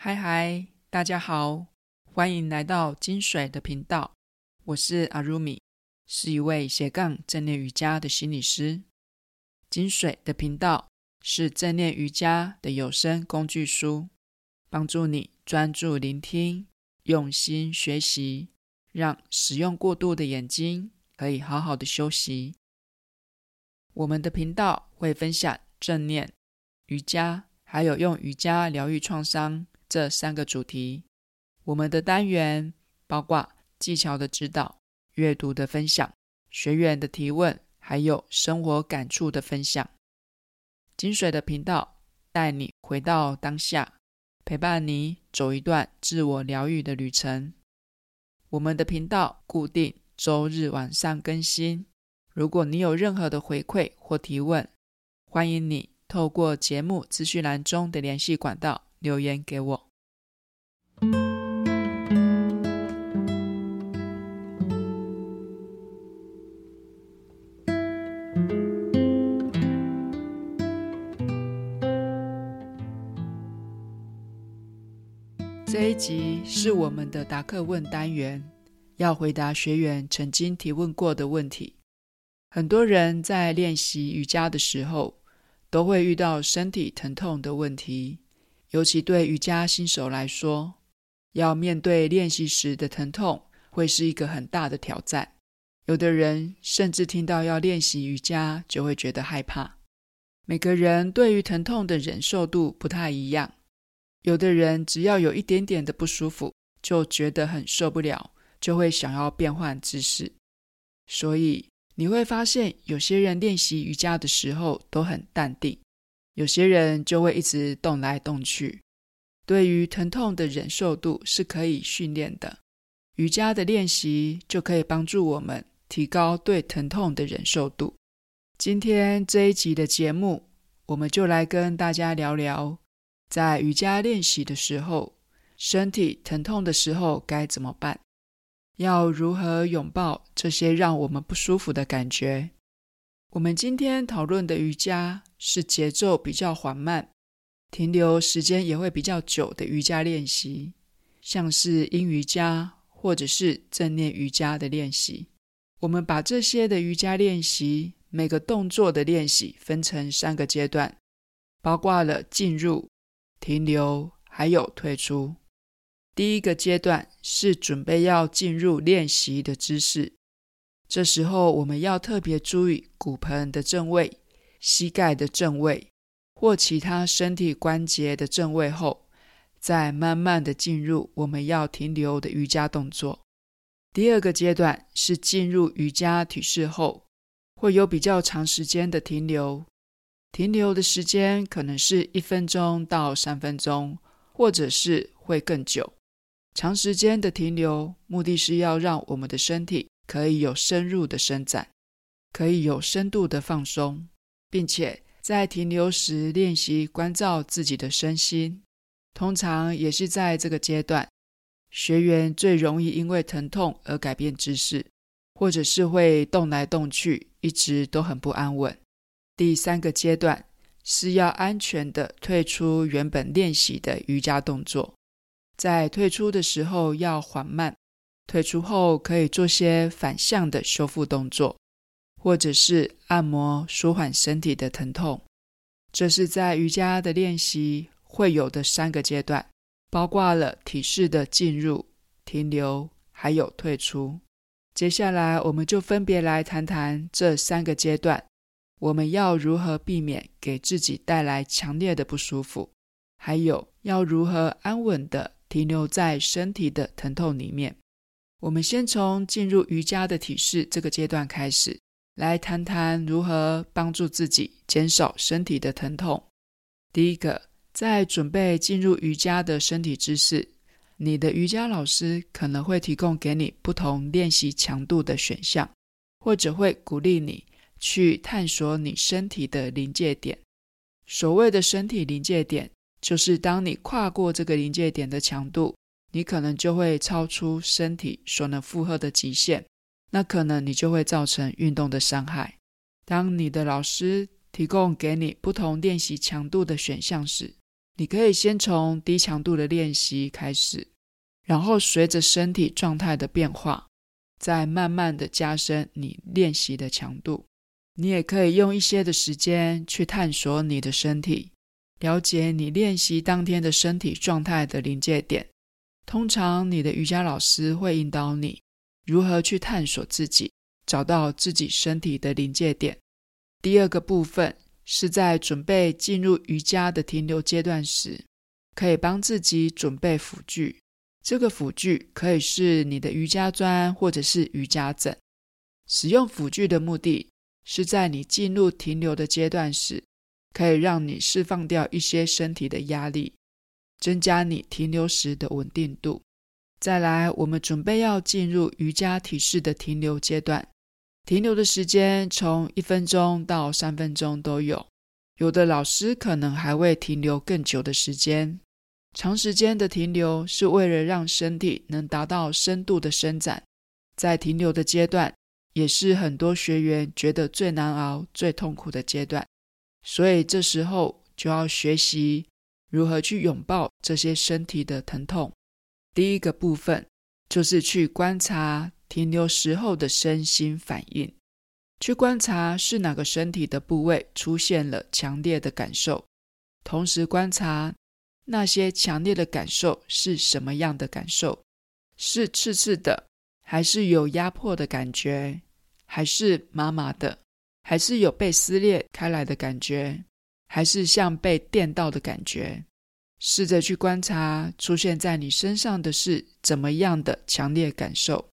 嗨嗨，hi hi, 大家好，歡迎來到金水的頻道。我是阿如米，是一位斜槓正念瑜伽的心理師。金水的頻道是正念瑜伽的有聲工具書，幫助你專注聆聽、用心學習，讓使用過度的眼睛可以好好的休息。我們的頻道會分享正念瑜伽，還有用瑜伽療癒創傷。這三個主題，我們的單元包括技巧的指導、閱讀的分享、學員的提問，還有生活感觸的分享。金水的頻道帶你回到當下，陪伴你走一段自我療癒的旅程。我們的頻道固定周日晚上更新。如果你有任何的回饋或提問，歡迎你透過節目資訊欄中的聯繫管道留言給我。這一集是我們的答課問單元，要回答學員曾經提問過的問題。很多人在練習瑜伽的時候，都會遇到身體疼痛的問題。尤其對瑜伽新手來說，要面對練習時的疼痛，會是一個很大的挑戰。有的人甚至聽到要練習瑜伽，就會覺得害怕。每個人對於疼痛的忍受度不太一樣，有的人只要有一點點的不舒服，就覺得很受不了，就會想要變換姿勢。所以你會發現，有些人練習瑜伽的時候都很淡定。有些人就會一直動來動去，對於疼痛的忍受度是可以訓練的。瑜伽的練習就可以幫助我們提高對疼痛的忍受度。今天這一集的節目，我們就來跟大家聊聊，在瑜伽練習的時候，身體疼痛的時候該怎麼辦？要如何擁抱這些讓我們不舒服的感覺？我們今天討論的瑜伽。是節奏比較緩慢，停留時間也會比較久的瑜伽練習，像是陰瑜伽或者是正念瑜伽的練習。我們把這些的瑜伽練習每個動作的練習分成三個階段，包括了進入、停留還有退出。第一個階段是準備要進入練習的姿勢，這時候我們要特別注意骨盆的正位、膝蓋的正位或其他身體關節的正位後，再慢慢地進入我們要停留的瑜伽動作。第二個階段是進入瑜伽體式後，會有比較長時間的停留，停留的時間可能是一分鐘到三分鐘，或者是會更久。長時間的停留目的是要讓我們的身體可以有深入的伸展，可以有深度的放鬆。並且在停留時練習觀照自己的身心，通常也是在這個階段，學員最容易因為疼痛而改變姿勢，或者是會動來動去，一直都很不安穩。第三個階段是要安全的退出原本練習的瑜伽動作，在退出的時候要緩慢，退出後可以做些反向的修復動作，或者是按摩舒緩身體的疼痛。這是在瑜伽的練習會有的三個階段，包括了體式的進入、停留，還有退出。接下來，我們就分別來談談這三個階段，我們要如何避免給自己帶來強烈的不舒服，還有要如何安穩地停留在身體的疼痛裡面。我們先從進入瑜伽的體式這個階段開始。來談談如何幫助自己減少身體的疼痛。第一個，在準備進入瑜伽的身體姿勢，你的瑜伽老師可能會提供給你不同練習強度的選項，或者會鼓勵你去探索你身體的臨界點。所謂的身體臨界點，就是當你跨過這個臨界點的強度，你可能就會超出身體所能負荷的極限。那可能你就會造成運動的傷害。當你的老師提供給你不同練習強度的選項時，你可以先從低強度的練習開始，然後隨着身體狀態的變化，再慢慢的加深你練習的強度。你也可以用一些的時間去探索你的身體，了解你練習當天的身體狀態的臨界點。通常你的瑜伽老師會引導你。如何去探索自己，找到自己身體的臨界點。第二個部分是在準備進入瑜伽的停留階段時，可以幫自己準備輔具。這個輔具可以是你的瑜伽磚或者是瑜伽枕。使用輔具的目的是在你進入停留的階段時，可以讓你釋放掉一些身體的壓力，增加你停留時的穩定度。再來，我們準備要進入瑜伽體式的停留階段。停留的時間從一分鐘到三分鐘都有，有的老師可能還會停留更久的時間。長時間的停留是為了讓身體能達到深度的伸展。在停留的階段，也是很多學員覺得最難熬、最痛苦的階段。所以這時候就要學習如何去擁抱這些身體的疼痛。第一個部分就是去觀察停留時候的身心反應，去觀察是哪個身體的部位出現了強烈的感受，同時觀察那些強烈的感受是什麼樣的感受，是刺刺的，還是有壓迫的感覺，還是麻麻的，還是有被撕裂開來的感覺，還是像被電到的感覺。試着去觀察出現在你身上的是怎麼樣的強烈感受，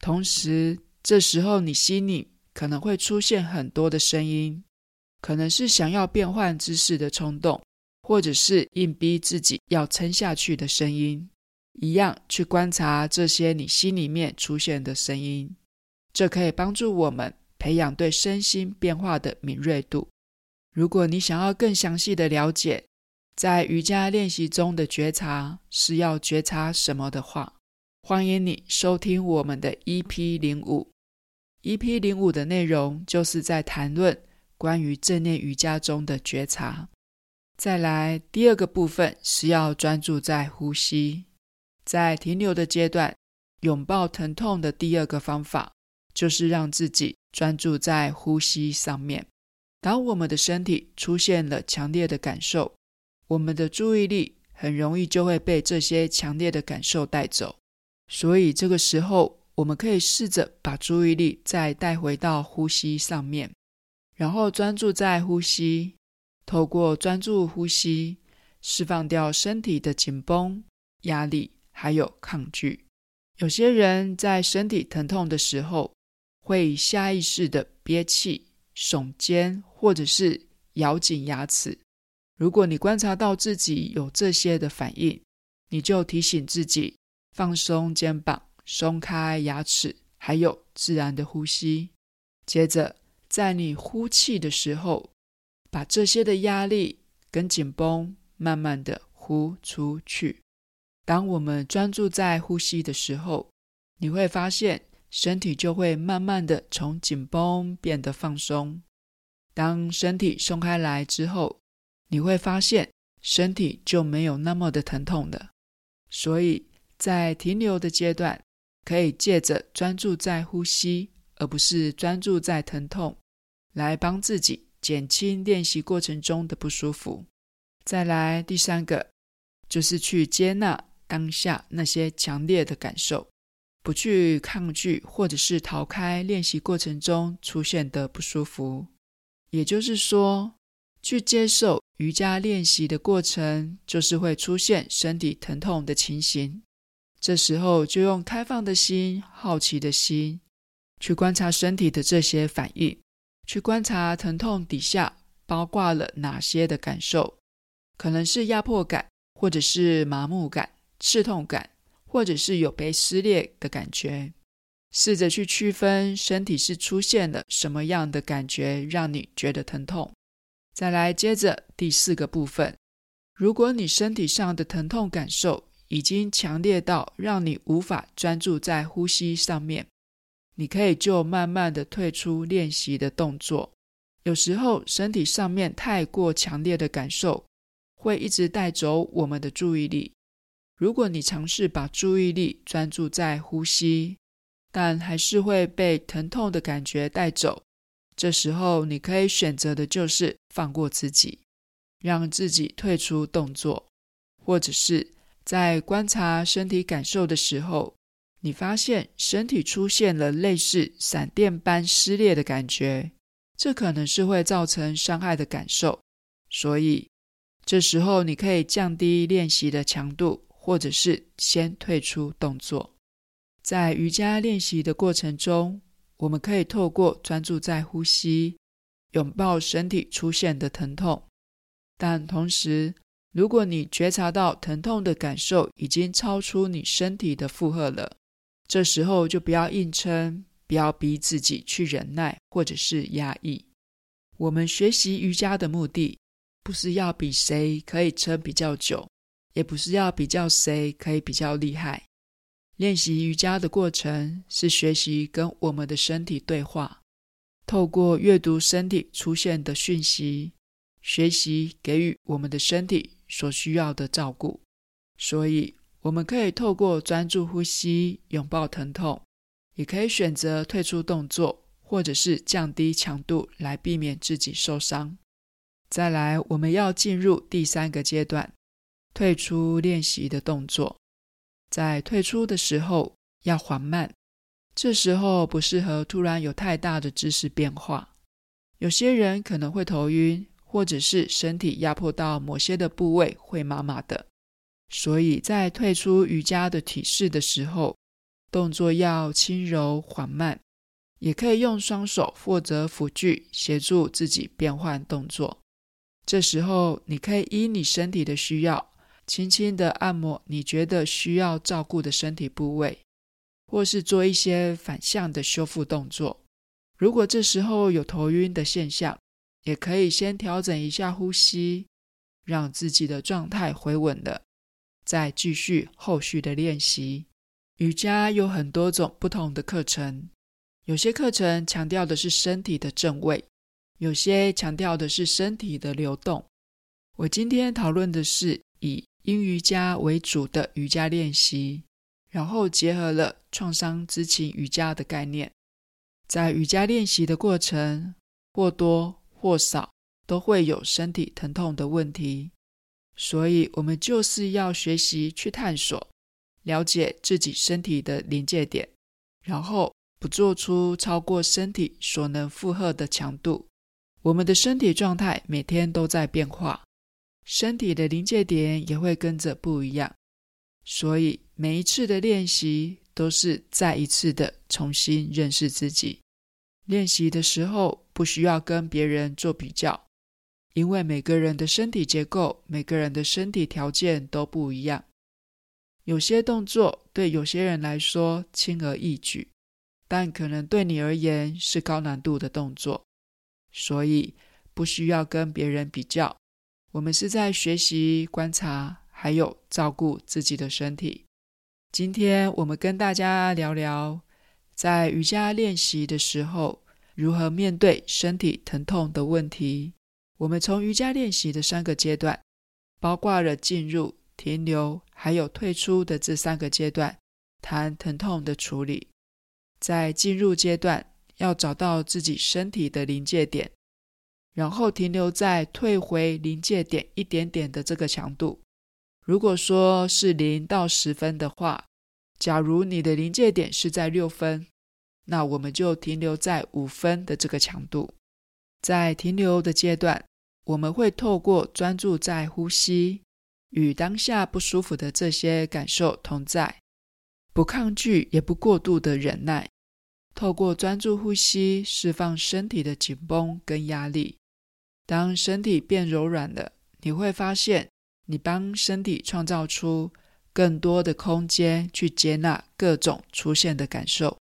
同時這時候你心裡可能會出現很多的聲音，可能是想要變換姿勢的衝動，或者是硬逼自己要撐下去的聲音。一樣去觀察這些你心裡面出現的聲音，這可以幫助我們培養對身心變化的敏銳度。如果你想要更詳細的了解。在瑜伽練習中的覺察是要覺察什麼的話，歡迎你收聽我們的 EP 零五。EP 零五的內容就是在談論關於正念瑜伽中的覺察。再來第二個部分是要專注在呼吸，在停留的階段，擁抱疼痛的第二個方法就是讓自己專注在呼吸上面。當我們的身體出現了強烈的感受，我們的注意力很容易就會被這些強烈的感受帶走，所以這個時候我們可以試着把注意力再帶回到呼吸上面，然後專注在呼吸，透過專注呼吸，釋放掉身體的緊繃、壓力還有抗拒。有些人在身體疼痛的時候，會下意識的憋氣、聳肩，或者是咬緊牙齒。如果你觀察到自己有這些的反應，你就提醒自己放鬆肩膀、鬆開牙齒，還有自然的呼吸。接着，在你呼氣的時候，把這些的壓力跟緊繃慢慢地呼出去。當我們專注在呼吸的時候，你會發現身體就會慢慢地從緊繃變得放鬆。當身體鬆開來之後，你會發現身體就沒有那麼的疼痛的，所以在停留的階段，可以借着專注在呼吸，而不是專注在疼痛，來幫自己減輕練習過程中的不舒服。再來，第三個就是去接納當下那些強烈的感受，不去抗拒或者是逃開練習過程中出現的不舒服，也就是說，去接受。瑜伽練習的過程就是會出現身體疼痛的情形，這時候就用開放的心、好奇的心去觀察身體的這些反應，去觀察疼痛底下包括了哪些的感受，可能是壓迫感，或者是麻木感、刺痛感，或者是有被撕裂的感覺。試着去區分身體是出現了什麼樣的感覺，讓你覺得疼痛。再來接着第四個部分，如果你身體上的疼痛感受已經強烈到讓你無法專注在呼吸上面，你可以就慢慢的退出練習的動作。有時候身體上面太過強烈的感受，會一直帶走我們的注意力。如果你嘗試把注意力專注在呼吸，但還是會被疼痛的感覺帶走，這時候你可以選擇的就是放過自己，讓自己退出動作，或者是，在觀察身體感受的時候，你發現身體出現了類似閃電般撕裂的感覺，這可能是會造成傷害的感受，所以這時候你可以降低練習的強度，或者是先退出動作。在瑜伽練習的過程中，我們可以透過專注在呼吸，擁抱身體出現的疼痛，但同時，如果你覺察到疼痛的感受已經超出你身體的負荷了，這時候就不要硬撐，不要逼自己去忍耐或者是壓抑。我們學習瑜伽的目的，不是要比誰可以撐比較久，也不是要比較誰可以比較厲害。練習瑜伽的過程是學習跟我們的身體對話，透過閱讀身體出現的訊息，學習給予我們的身體所需要的照顧。所以，我們可以透過專注呼吸，擁抱疼痛，也可以選擇退出動作，或者是降低強度來避免自己受傷。再來，我們要進入第三個階段，退出練習的動作。在退出的時候要緩慢，這時候不適合突然有太大的姿勢變化。有些人可能會頭暈，或者是身體壓迫到某些的部位會麻麻的。所以在退出瑜伽的體式的時候，動作要輕柔緩慢，也可以用雙手或者輔具協助自己變換動作。這時候你可以依你身體的需要。輕輕地按摩你覺得需要照顧的身體部位，或是做一些反向的修復動作。如果這時候有頭暈的現象，也可以先調整一下呼吸，讓自己的狀態回穩了，再繼續後續的練習。瑜伽有很多種不同的課程，有些課程強調的是身體的正位，有些強調的是身體的流動。我今天討論的是以。陰瑜伽為主的瑜伽練習，然後結合了創傷知情瑜伽的概念。在瑜伽練習的過程，或多或少都會有身體疼痛的問題，所以我們就是要學習去探索，了解自己身體的臨界點，然後不做出超過身體所能負荷的強度。我們的身體狀態每天都在變化。身體的臨界點也會跟着不一樣，所以每一次的練習都是再一次的重新認識自己。練習的時候不需要跟別人做比較，因為每個人的身體結構、每個人的身體條件都不一樣。有些動作對有些人來說輕而易舉，但可能對你而言是高難度的動作，所以不需要跟別人比較。我們是在學習觀察，還有照顧自己的身體。今天我們跟大家聊聊，在瑜伽練習的時候，如何面對身體疼痛的問題。我們從瑜伽練習的三個階段，包括了進入、停留，還有退出的這三個階段，談疼痛的處理。在進入階段，要找到自己身體的臨界點。然後停留在退回臨界點一點點的這個強度。如果說是零到十分的話，假如你的臨界點是在六分，那我們就停留在五分的這個強度。在停留的階段，我們會透過專注在呼吸，與當下不舒服的這些感受同在，不抗拒也不過度的忍耐，透過專注呼吸，釋放身體的緊繃跟壓力。當身體變柔軟了，你會發現，你幫身體創造出更多的空間去接納各種出現的感受。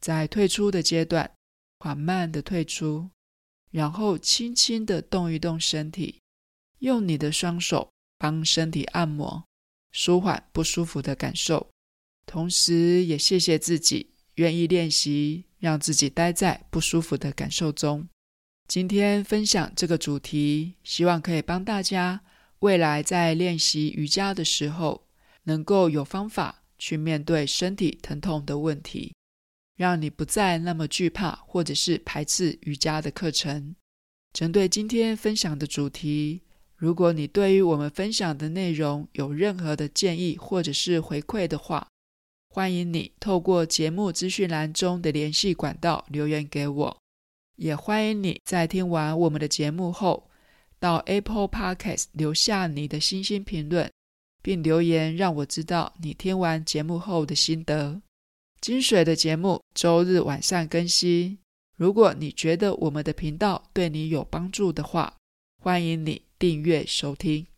在退出的階段，緩慢的退出，然後輕輕的動一動身體，用你的雙手幫身體按摩，舒緩不舒服的感受，同時也謝謝自己願意練習，讓自己待在不舒服的感受中。今天分享這個主題，希望可以幫大家未來在練習瑜伽的時候，能夠有方法去面對身體疼痛的問題，讓你不再那麼懼怕或者是排斥瑜伽的課程。針對今天分享的主題，如果你對於我們分享的內容有任何的建議或者是回饋的話，歡迎你透過節目資訊欄中的聯繫管道留言給我。也歡迎你在聽完我們的節目後，到 Apple Podcast 留下你的星星評論，並留言讓我知道你聽完節目後的心得。金水的節目週日晚上更新。如果你覺得我們的頻道對你有幫助的話，歡迎你訂閱收聽。